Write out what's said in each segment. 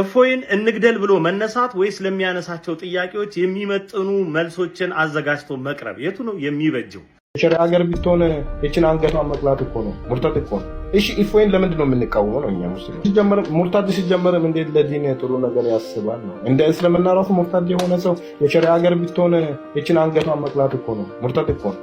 እፎይን እንግደል ብሎ መነሳት ወይስ ለሚያነሳቸው ጥያቄዎች የሚመጥኑ መልሶችን አዘጋጅቶ መቅረብ የቱ ነው የሚበጀው? የሸሪያ ሀገር ብትሆን የችን አንገቷን መቅላት እኮ ነው፣ ሙርተት እኮ ነው። እሺ እፎይን ለምንድን ነው የምንቃወመው? ነው እኛ ሙስሊም። ሲጀመርም ሙርታድ ሲጀመርም እንዴት ለዲን ጥሩ ነገር ያስባል ነው። እንደ እስልምና ራሱ ሙርታድ የሆነ ሰው የሸሪ ሀገር ብትሆን የችን አንገቷን መቅላት እኮ ነው፣ ሙርተት እኮ ነው።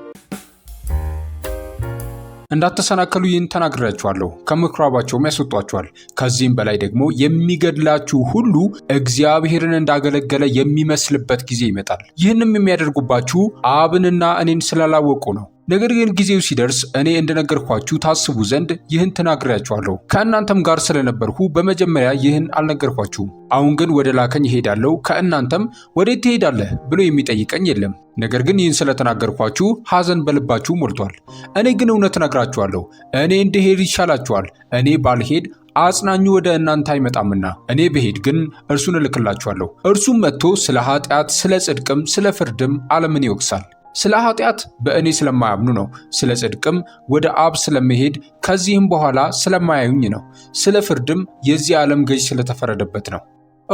እንዳትሰናከሉ ይህን ተናግሬያችኋለሁ፣ ከምኩራባቸውም ያስወጧቸዋል። ከዚህም በላይ ደግሞ የሚገድላችሁ ሁሉ እግዚአብሔርን እንዳገለገለ የሚመስልበት ጊዜ ይመጣል። ይህንም የሚያደርጉባችሁ አብንና እኔን ስላላወቁ ነው። ነገር ግን ጊዜው ሲደርስ እኔ እንደነገርኳችሁ ታስቡ ዘንድ ይህን ተናግሬያችኋለሁ። ከእናንተም ጋር ስለነበርሁ በመጀመሪያ ይህን አልነገርኳችሁም። አሁን ግን ወደ ላከኝ እሄዳለሁ፣ ከእናንተም ወዴት ትሄዳለህ ብሎ የሚጠይቀኝ የለም። ነገር ግን ይህን ስለተናገርኳችሁ ሐዘን በልባችሁ ሞልቷል። እኔ ግን እውነት እነግራችኋለሁ፣ እኔ እንድሄድ ይሻላችኋል። እኔ ባልሄድ አጽናኙ ወደ እናንተ አይመጣምና፣ እኔ ብሄድ ግን እርሱን እልክላችኋለሁ። እርሱም መጥቶ ስለ ኃጢአት፣ ስለ ጽድቅም፣ ስለ ፍርድም ዓለምን ይወቅሳል። ስለ ኃጢአት በእኔ ስለማያምኑ ነው። ስለ ጽድቅም ወደ አብ ስለመሄድ ከዚህም በኋላ ስለማያዩኝ ነው። ስለ ፍርድም የዚህ ዓለም ገዥ ስለተፈረደበት ነው።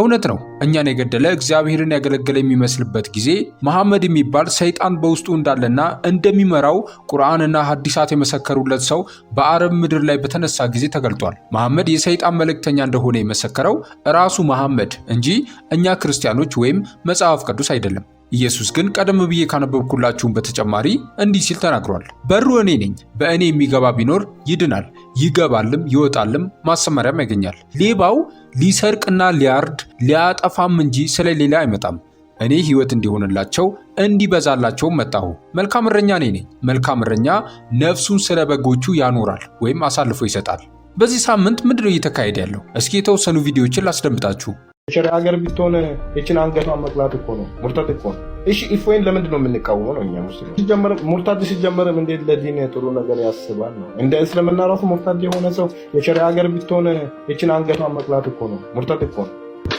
እውነት ነው። እኛን የገደለ እግዚአብሔርን ያገለገለ የሚመስልበት ጊዜ መሐመድ የሚባል ሰይጣን በውስጡ እንዳለና እንደሚመራው ቁርአንና ሐዲሳት የመሰከሩለት ሰው በአረብ ምድር ላይ በተነሳ ጊዜ ተገልጧል። መሐመድ የሰይጣን መልእክተኛ እንደሆነ የመሰከረው ራሱ መሐመድ እንጂ እኛ ክርስቲያኖች ወይም መጽሐፍ ቅዱስ አይደለም። ኢየሱስ ግን ቀደም ብዬ ካነበብኩላችሁም በተጨማሪ እንዲህ ሲል ተናግሯል። በሩ እኔ ነኝ። በእኔ የሚገባ ቢኖር ይድናል፣ ይገባልም ይወጣልም ማሰማሪያም ያገኛል። ሌባው ሊሰርቅና ሊያርድ ሊያጠፋም እንጂ ስለሌላ አይመጣም። እኔ ሕይወት እንዲሆንላቸው እንዲበዛላቸውም መጣሁ። መልካም እረኛ እኔ ነኝ። መልካም እረኛ ነፍሱን ስለ በጎቹ ያኖራል ወይም አሳልፎ ይሰጣል። በዚህ ሳምንት ምንድነው እየተካሄደ ያለው? እስኪ የተወሰኑ ቪዲዮዎችን ላስደምጣችሁ። የሸሪያ ሀገር ቢትሆን የችን አንገቷን መቅላት እኮ ነው፣ ሙርተት እኮ ነው። እሺ ኢፎይን ለምንድን ነው የምንቃወመው? ነው እኛ ሙስሊም ሲጀመርም ሙርታድ ሲጀመርም እንዴት ለዲን ጥሩ ነገር ያስባል ነው። እንደ እስልምና ራሱ ሙርታድ የሆነ ሰው የሸሪያ ሀገር ቢትሆን የችን አንገቷን መቅላት እኮ ነው፣ ሙርተት እኮ ነው።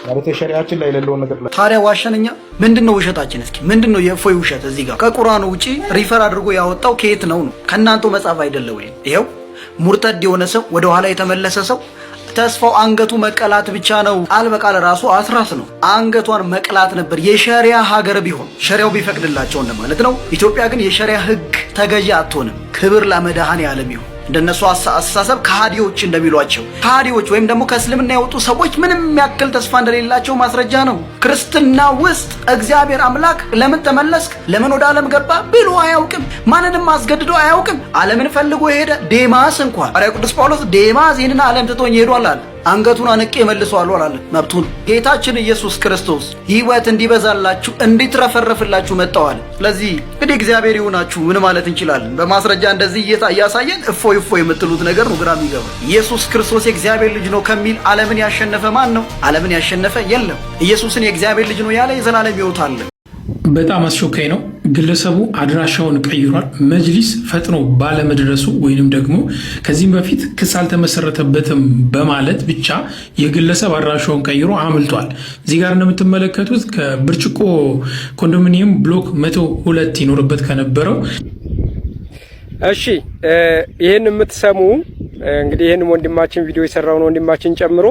ማለት የሸሪያችን ላይ የሌለውን ነገር ላይ ታዲያ ዋሸን ምንድን ነው ውሸታችን? እስኪ ምንድን ነው የእፎይ ውሸት? እዚህ ጋር ከቁርአኑ ውጪ ሪፈር አድርጎ ያወጣው ከየት ነው ነው? ከእናንተው መጽሐፍ አይደለ ወይ? ይኸው ሙርተድ የሆነ ሰው ወደኋላ የተመለሰ ሰው ተስፋው አንገቱ መቀላት ብቻ ነው። ቃል ራሱ አስራት ነው። አንገቷን መቅላት ነበር የሸሪያ ሀገር ቢሆን ሸሪያው ቢፈቅድላቸው ማለት ነው። ኢትዮጵያ ግን የሸሪያ ህግ ተገዢ አትሆንም። ክብር ለመድኃኔ ይሁን። እንደነሱ አስተሳሰብ ከሃዲዎች እንደሚሏቸው ከሃዲዎች ወይም ደግሞ ከእስልምና የወጡ ሰዎች ምንም ያክል ተስፋ እንደሌላቸው ማስረጃ ነው። ክርስትና ውስጥ እግዚአብሔር አምላክ ለምን ተመለስክ፣ ለምን ወደ ዓለም ገባ ብሎ አያውቅም። ማንንም አስገድዶ አያውቅም። ዓለምን ፈልጎ የሄደ ዴማስ እንኳን ሐዋርያው ቅዱስ ጳውሎስ ዴማስ ይህንን ዓለም ትቶኝ ሄዷል አለ። አንገቱን አንቄ መልሰዋለሁ አላለ። መብቱን ጌታችን ኢየሱስ ክርስቶስ ሕይወት እንዲበዛላችሁ እንዲትረፈረፍላችሁ መጣዋል። ስለዚህ እንግዲህ እግዚአብሔር ይሁናችሁ ምን ማለት እንችላለን? በማስረጃ እንደዚህ እያሳየን እፎይ እፎይ የምትሉት ነገር ነው ግራ የሚገባ። ኢየሱስ ክርስቶስ የእግዚአብሔር ልጅ ነው ከሚል ዓለምን ያሸነፈ ማን ነው? ዓለምን ያሸነፈ የለም። ኢየሱስን የእግዚአብሔር ልጅ ነው ያለ የዘላለም ሕይወት አለ። በጣም አስቸኳይ ነው። ግለሰቡ አድራሻውን ቀይሯል። መጅሊስ ፈጥኖ ባለመድረሱ ወይንም ደግሞ ከዚህም በፊት ክስ አልተመሰረተበትም በማለት ብቻ የግለሰብ አድራሻውን ቀይሮ አምልቷል። እዚህ ጋር እንደምትመለከቱት ከብርጭቆ ኮንዶሚኒየም ብሎክ መቶ ሁለት ይኖርበት ከነበረው እሺ፣ ይህን የምትሰሙ እንግዲህ ይህን ወንድማችን ቪዲዮ የሰራውን ወንድማችን ጨምሮ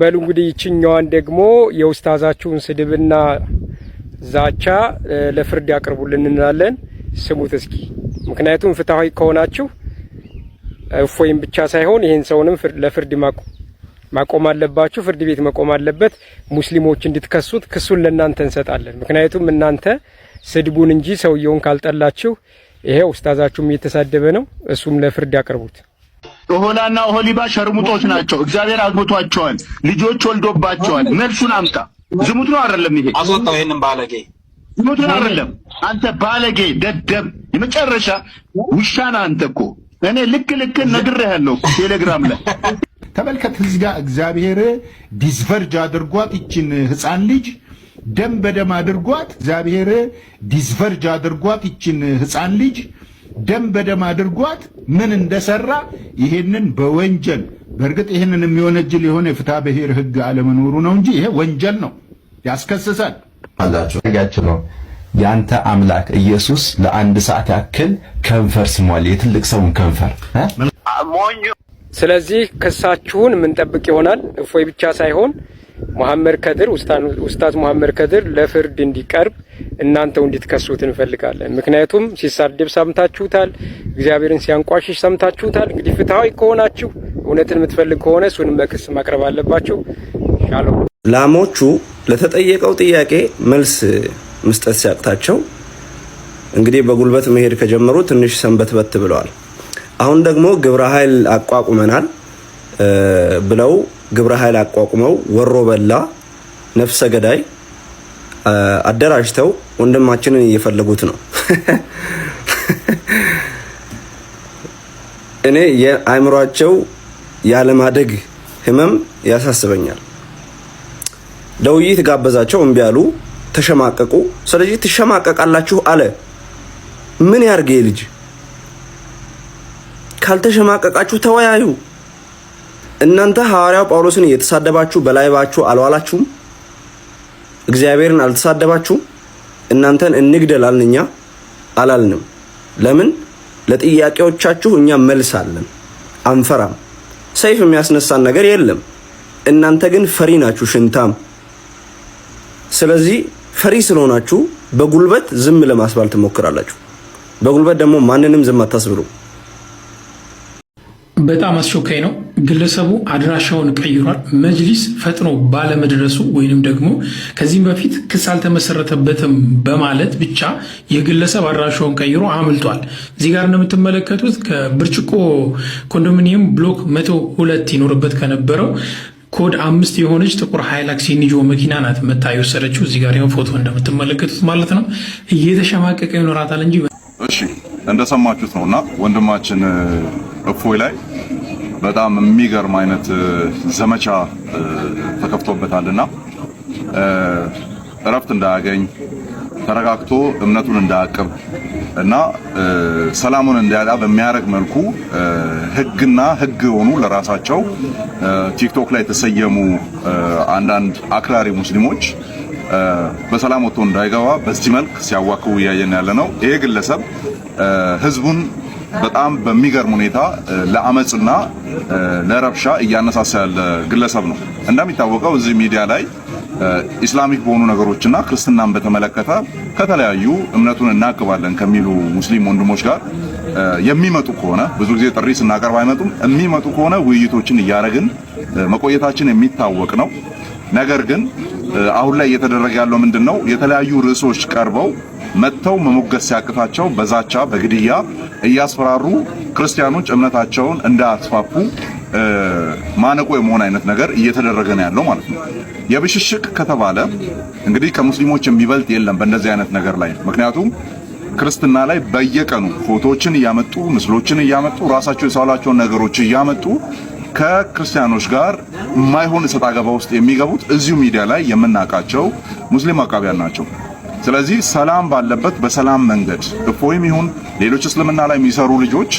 በሉ እንግዲህ ይችኛዋን ደግሞ የውስታዛችሁን ስድብና ዛቻ ለፍርድ ያቅርቡልን እንላለን። ስሙት እስኪ። ምክንያቱም ፍትሐዊ ከሆናችሁ እፎይም ብቻ ሳይሆን ይህን ሰውንም ለፍርድ ማቆም አለባችሁ። ፍርድ ቤት መቆም አለበት። ሙስሊሞች እንድትከሱት ክሱን ለእናንተ እንሰጣለን። ምክንያቱም እናንተ ስድቡን እንጂ ሰውየውን ካልጠላችሁ፣ ይሄ ኡስታዛችሁም እየተሳደበ ነው። እሱም ለፍርድ ያቅርቡት። ኦሆላና ኦሆሊባ ሸርሙጦች ናቸው። እግዚአብሔር አግብቷቸዋል፣ ልጆች ወልዶባቸዋል። መልሱን አምጣ። ዝሙት ነው አይደለም? ይሄ አስወጣው። ይሄንን ባለጌ ዝሙት ነው አይደለም? አንተ ባለጌ ደደብ፣ የመጨረሻ ውሻ ነህ አንተ እኮ። እኔ ልክ ልክ ነግሬሃለሁ ቴሌግራም ላይ ተመልከት። እዚህ ጋር እግዚአብሔር ዲስቨርጅ አድርጓት ይችን ህፃን ልጅ ደም በደም አድርጓት። እግዚአብሔር ዲስቨርጅ አድርጓት ይችን ህፃን ልጅ ደም በደም አድርጓት ምን እንደሰራ ይሄንን በወንጀል በእርግጥ ይህንን የሚወነጅል የሆነ የፍትሐ ብሔር ህግ አለመኖሩ ነው እንጂ ይሄ ወንጀል ነው፣ ያስከስሳል አላቸው ነው። ያንተ አምላክ ኢየሱስ ለአንድ ሰዓት ያክል ከንፈር ስሟል፣ የትልቅ ሰውን ከንፈር። ስለዚህ ክሳችሁን ምንጠብቅ ይሆናል። እፎይ ብቻ ሳይሆን መሐመድ ከድር ኡስታዝ መሐመድ ከድር ለፍርድ እንዲቀርብ እናንተው እንድትከሱት እንፈልጋለን። ምክንያቱም ሲሳደብ ሰምታችሁታል፣ እግዚአብሔርን ሲያንቋሽሽ ሰምታችሁታል። እንግዲህ ፍትሐዊ ከሆናችሁ እውነትን የምትፈልግ ከሆነ እሱንም በክስ ማቅረብ አለባችሁ። ሻለው ላሞቹ ለተጠየቀው ጥያቄ መልስ መስጠት ሲያቅታቸው እንግዲህ በጉልበት መሄድ ከጀመሩ ትንሽ በት ብለዋል። አሁን ደግሞ ግብረ ኃይል አቋቁመናል ብለው ግብረ ኃይል አቋቁመው ወሮ በላ ነፍሰ ገዳይ አደራጅተው ወንድማችንን እየፈለጉት ነው። እኔ የአእምሯቸው ያለማደግ ህመም ያሳስበኛል። ለውይይት ጋበዛቸው፣ እምቢ አሉ፣ ተሸማቀቁ። ስለዚህ ትሸማቀቃላችሁ አለ። ምን ያርገ ልጅ? ካልተሸማቀቃችሁ ተወያዩ። እናንተ ሐዋርያው ጳውሎስን እየተሳደባችሁ በላይባችሁ አልዋላችሁም? እግዚአብሔርን አልተሳደባችሁም? እናንተን እንግደል አልን እኛ አላልንም። ለምን? ለጥያቄዎቻችሁ እኛ መልስ አለን። አንፈራም። ሰይፍ የሚያስነሳን ነገር የለም። እናንተ ግን ፈሪ ናችሁ፣ ሽንታም። ስለዚህ ፈሪ ስለሆናችሁ በጉልበት ዝም ለማስባል ትሞክራላችሁ። በጉልበት ደግሞ ማንንም ዝም አታስብሉ። በጣም አስቸኳይ ነው። ግለሰቡ አድራሻውን ቀይሯል። መጅሊስ ፈጥኖ ባለመድረሱ ወይንም ደግሞ ከዚህም በፊት ክስ አልተመሰረተበትም በማለት ብቻ የግለሰብ አድራሻውን ቀይሮ አምልጧል። እዚህ ጋር እንደምትመለከቱት ከብርጭቆ ኮንዶሚኒየም ብሎክ መቶ ሁለት ይኖርበት ከነበረው ኮድ አምስት የሆነች ጥቁር ሃይላክስ የኒጆ መኪና ናት መታ የወሰደችው። እዚህ ጋር ፎቶ እንደምትመለከቱት ማለት ነው። እየተሸማቀቀ ይኖራታል እንጂ እሺ፣ እንደሰማችሁት ነው እና ወንድማችን እፎይ ላይ በጣም የሚገርም አይነት ዘመቻ ተከፍቶበታልና እረፍት እንዳያገኝ ተረጋግቶ እምነቱን እንዳያቅብ እና ሰላሙን እንዳያጣ በሚያደርግ መልኩ ህግና ህግ የሆኑ ለራሳቸው ቲክቶክ ላይ የተሰየሙ አንዳንድ አክራሪ ሙስሊሞች በሰላም ወጥቶ እንዳይገባ በዚህ መልክ ሲያዋክቡ እያየን ያለ ነው። ይሄ ግለሰብ ህዝቡን ። በጣም በሚገርም ሁኔታ ለአመፅና ለረብሻ እያነሳሳ ያለ ግለሰብ ነው። እንደሚታወቀው እዚህ ሚዲያ ላይ ኢስላሚክ በሆኑ ነገሮችና ክርስትናን በተመለከተ ከተለያዩ እምነቱን እናቅባለን ከሚሉ ሙስሊም ወንድሞች ጋር የሚመጡ ከሆነ ብዙ ጊዜ ጥሪ ስናቀርብ አይመጡም። የሚመጡ ከሆነ ውይይቶችን እያደረግን መቆየታችን የሚታወቅ ነው። ነገር ግን አሁን ላይ እየተደረገ ያለው ምንድን ነው? የተለያዩ ርዕሶች ቀርበው መጥተው መሞገስ ሲያቅታቸው በዛቻ በግድያ እያስፈራሩ ክርስቲያኖች እምነታቸውን እንዳያስፋፉ ማነቆ የመሆን አይነት ነገር እየተደረገ ነው ያለው ማለት ነው። የብሽሽቅ ከተባለ እንግዲህ ከሙስሊሞች የሚበልጥ የለም በእንደዚህ አይነት ነገር ላይ ምክንያቱም ክርስትና ላይ በየቀኑ ፎቶዎችን እያመጡ ምስሎችን እያመጡ ራሳቸው የሳሏቸውን ነገሮች እያመጡ ከክርስቲያኖች ጋር የማይሆን እሰጥ አገባ ውስጥ የሚገቡት እዚሁ ሚዲያ ላይ የምናውቃቸው ሙስሊም አቃቢያን ናቸው። ስለዚህ ሰላም ባለበት በሰላም መንገድ እፎይም ይሁን ሌሎች እስልምና ላይ የሚሰሩ ልጆች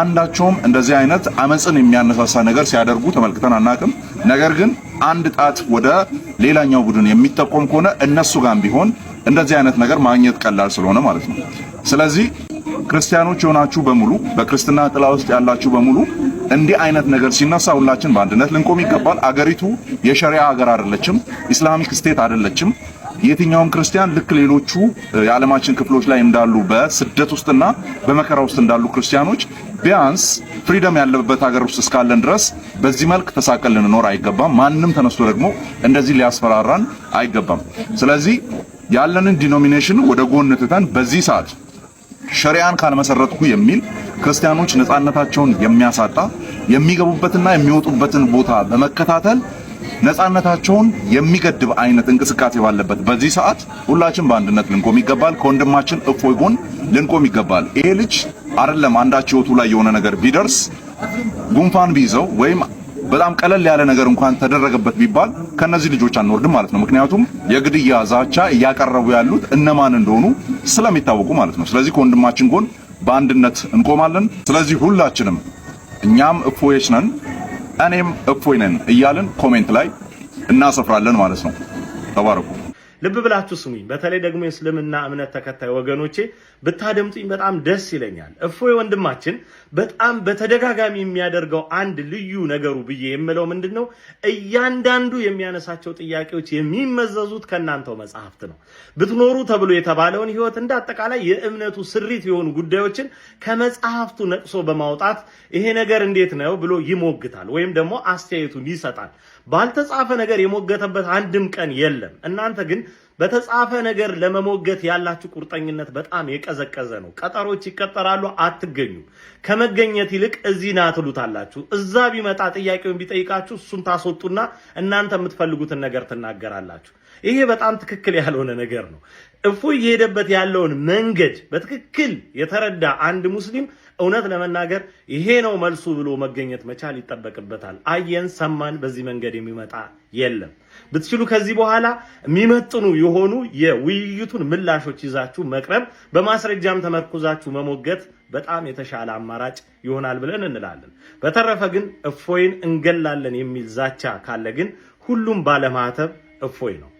አንዳቸውም እንደዚህ አይነት አመፅን የሚያነሳሳ ነገር ሲያደርጉ ተመልክተን አናቅም። ነገር ግን አንድ ጣት ወደ ሌላኛው ቡድን የሚጠቆም ከሆነ እነሱ ጋር ቢሆን እንደዚህ አይነት ነገር ማግኘት ቀላል ስለሆነ ማለት ነው። ስለዚህ ክርስቲያኖች የሆናችሁ በሙሉ በክርስትና ጥላ ውስጥ ያላችሁ በሙሉ እንዲህ አይነት ነገር ሲነሳ ሁላችን በአንድነት ልንቆም ይገባል። አገሪቱ የሸሪያ ሀገር አይደለችም፣ ኢስላሚክ ስቴት አይደለችም። የትኛውም ክርስቲያን ልክ ሌሎቹ የዓለማችን ክፍሎች ላይ እንዳሉ በስደት ውስጥና በመከራ ውስጥ እንዳሉ ክርስቲያኖች ቢያንስ ፍሪደም ያለበት ሀገር ውስጥ እስካለን ድረስ በዚህ መልክ ተሳቀል ልንኖር አይገባም። ማንም ተነስቶ ደግሞ እንደዚህ ሊያስፈራራን አይገባም። ስለዚህ ያለንን ዲኖሚኔሽን ወደ ጎን ትተን በዚህ ሰዓት ሸሪያን ካልመሰረትኩ የሚል ክርስቲያኖች ነፃነታቸውን የሚያሳጣ የሚገቡበትና የሚወጡበትን ቦታ በመከታተል ነፃነታቸውን የሚገድብ አይነት እንቅስቃሴ ባለበት በዚህ ሰዓት ሁላችን በአንድነት ልንቆም ይገባል። ከወንድማችን እፎይ ጎን ልንቆም ይገባል። ይሄ ልጅ አይደለም አንዳች ህይወቱ ላይ የሆነ ነገር ቢደርስ ጉንፋን ቢይዘው ወይም በጣም ቀለል ያለ ነገር እንኳን ተደረገበት ቢባል ከነዚህ ልጆች አንወርድም ማለት ነው። ምክንያቱም የግድያ ዛቻ እያቀረቡ ያሉት እነማን እንደሆኑ ስለሚታወቁ ማለት ነው። ስለዚህ ከወንድማችን ጎን በአንድነት እንቆማለን። ስለዚህ ሁላችንም እኛም እፎዮች ነን፣ እኔም እፎይ ነን እያልን ኮሜንት ላይ እናሰፍራለን ማለት ነው። ተባረኩ። ልብ ብላችሁ ስሙኝ። በተለይ ደግሞ የእስልምና እምነት ተከታይ ወገኖቼ ብታደምጡኝ በጣም ደስ ይለኛል። እፎይ ወንድማችን በጣም በተደጋጋሚ የሚያደርገው አንድ ልዩ ነገሩ ብዬ የምለው ምንድን ነው፣ እያንዳንዱ የሚያነሳቸው ጥያቄዎች የሚመዘዙት ከእናንተው መጽሐፍት ነው። ብትኖሩ ተብሎ የተባለውን ህይወት እንደ አጠቃላይ የእምነቱ ስሪት የሆኑ ጉዳዮችን ከመጽሐፍቱ ነቅሶ በማውጣት ይሄ ነገር እንዴት ነው ብሎ ይሞግታል ወይም ደግሞ አስተያየቱን ይሰጣል። ባልተጻፈ ነገር የሞገተበት አንድም ቀን የለም። እናንተ ግን በተጻፈ ነገር ለመሞገት ያላችሁ ቁርጠኝነት በጣም የቀዘቀዘ ነው። ቀጠሮች ይቀጠራሉ፣ አትገኙም። ከመገኘት ይልቅ እዚህ ና ትሉታላችሁ። እዛ ቢመጣ ጥያቄውን ቢጠይቃችሁ እሱን ታስወጡና እናንተ የምትፈልጉትን ነገር ትናገራላችሁ። ይሄ በጣም ትክክል ያልሆነ ነገር ነው። እፎይ እየሄደበት ያለውን መንገድ በትክክል የተረዳ አንድ ሙስሊም እውነት ለመናገር ይሄ ነው መልሱ ብሎ መገኘት መቻል ይጠበቅበታል። አየን፣ ሰማን፣ በዚህ መንገድ የሚመጣ የለም። ብትችሉ ከዚህ በኋላ የሚመጥኑ የሆኑ የውይይቱን ምላሾች ይዛችሁ መቅረብ፣ በማስረጃም ተመርኩዛችሁ መሞገት በጣም የተሻለ አማራጭ ይሆናል ብለን እንላለን። በተረፈ ግን እፎይን እንገላለን የሚል ዛቻ ካለ ግን ሁሉም ባለማህተብ እፎይ ነው።